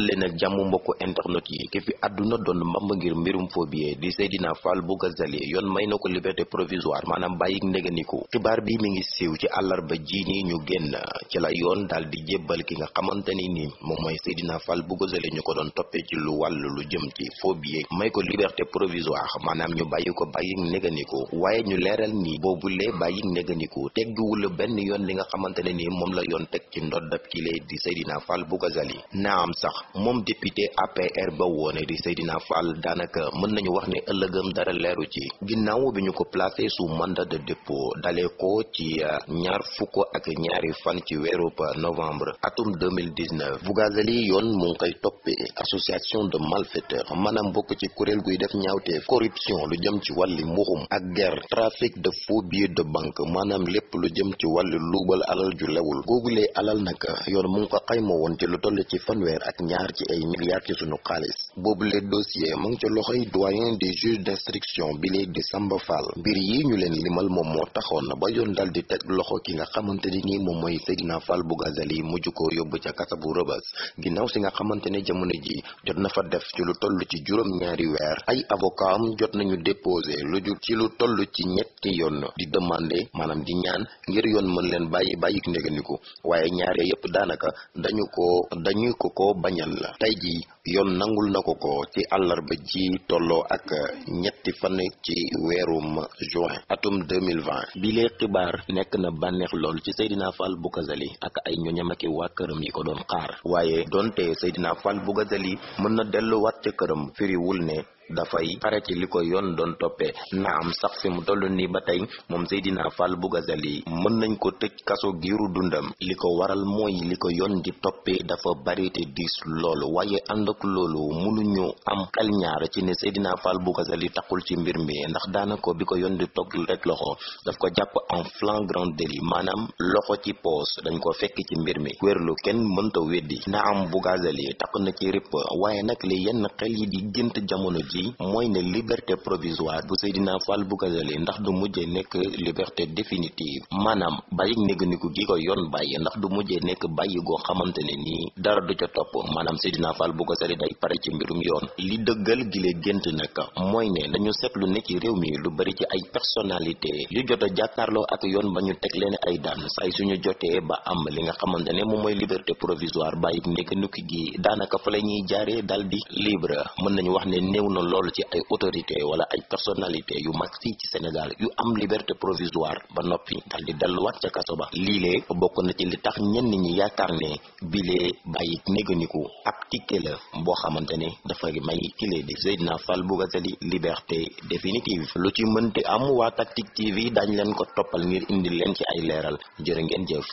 dal leen ak jàmm mbokku internet yi ki fi àdduna doon mbamb ngir mbirum phobie di Seydina Fall bu Gazali yoon may na ko liberté provisoire maanaam bàyyik néganiku xibaar bi mi ngi siiw ci àllarba ji nii ñu génn ci la yoon daal di jébbal ki nga xamante ni nii moom mooy Seydina Fall bu Gazali ñu ko doon toppee ci lu wàll lu jëm ci phobie may ko liberté provisoire maanaam ñu bàyyi ko bàyyik néganiku waaye ñu leeral nii boobulee bàyyik néganiku teggiwula benn yoon li nga xamante ne nii moom la yoon teg ci ndoddab ki lay di Seydina Fall bu Gazali naam sax moom député APR ba woone di Seydina Fall daanaka mën nañu wax ne ëllëgëm dara leeru ci ginnaaw bi ñu ko placé sous mandat de dépôt dalee ko ci euh, ñaar fukk ak ñaari fan ci pa novembre atum 2019 Bougazelli yoon mu ngi koy toppee association de malfaiteurs maanaam bokk ci kuréel guy def ñaawteef corruption lu jëm ci wàlli mbuxum ak guerre trafic de faux billets de banque maanaam lépp lu jëm ci wàlli luubal alal ju lewul googulee alal nag yoon mu ngi ko xayma woon ci lu toll ci fanweer ak jaar ci ay milliards sunu xaalis boobu le dossier mu ngi ca loxoy doyen des juges d'instruction bi léeg di Samba Fall mbir yi ñu leen limal moom moo taxoon na ba yoon dal di teg loxo ki nga xamante ni nii moom mooy Seydina Fall Bougazelli mujj ko yóbbu ca kasa bu Rebeuss ginnaaw si nga xamante ne jamono ji jot na fa def ci lu toll ci juróom-ñaari weer ay avocat am jot nañu déposé lu jub ci lu toll ci ñetti yoon di demandé maanaam di ñaan ngir yoon mën leen bàyyi bàyyi néganiku waaye ñaare yépp daanaka dañu ko dañu ko ko bañal la tey ji yoon nangul na ko ko ci àllarba ji tolloo ak ñetti fan ci weerum juin atum 2020 bi lee xibaar nekk na banneex lool ci Seydina Fall Bougazali ak ay ñoñam i waa këram yi ko doon xaar waaye donte Seydina Fall Bougazali mën na delluwaat ca këram firiwul ne dafay xare ci li ko yoon doon toppee na am sax fi mu toll nii ba tey moom Seydina Fall bu Gazali mën nañ ko tëj kaso giiru dundam li ko waral mooy li ko yoon di toppee dafa bari te diis loolu waaye ànd ak loolu mënuñu am xel ñaar ci ne Seydina Fall bu Gazali taxul ci mbir mi ndax daanaka bi ko yoon di togg rek loxo daf ko jàpp en flagrant délit maanaam loxo ci poos dañ ko fekk ci mbir mi wérlu kenn mënta weddi na am bu Gazali takk na ci ripp jamono ji bi mooy ne liberté provisoire bu Seydina Fall Bougazelli ndax du mujjee nekk liberté définitive maanaam bàyyi néganiku gi ko yoon bàyyi ndax du mujjee nekk bàyyi goo xamante ne nii dara du ca topp maanaam Seydina bu Bougazelli day pare ci mbirum yoon li dëggal gile gént nag mooy ne dañu seetlu ne ci réew mi lu bari ci ay personnalité yu jot a jàkkaarloo ak yoon ba ñu teg leen ay daan saay suñu jotee ba am li nga xamante ne moom mooy liberté provisoire bàyyi néganiku gi daanaka fa la ñuy jaaree dal di libre mën nañu wax ne néew na loolu ci ay autorité wala ay personnalité yu mag fii ci Sénégal yu am liberté provisoire ba noppi dal di delluwaat ca kaso ba liilee bokk na ci li tax ñenn ñi yaakaar ne bilee bàyyi néganiku ab tikke la boo xamante ne dafay may kilee di Seydina Fall Bougazelli liberté définitive lu ci mënti am waa Tactic TV dañ leen ko toppal ngir indi leen ci ay leeral jërë ngeen jëf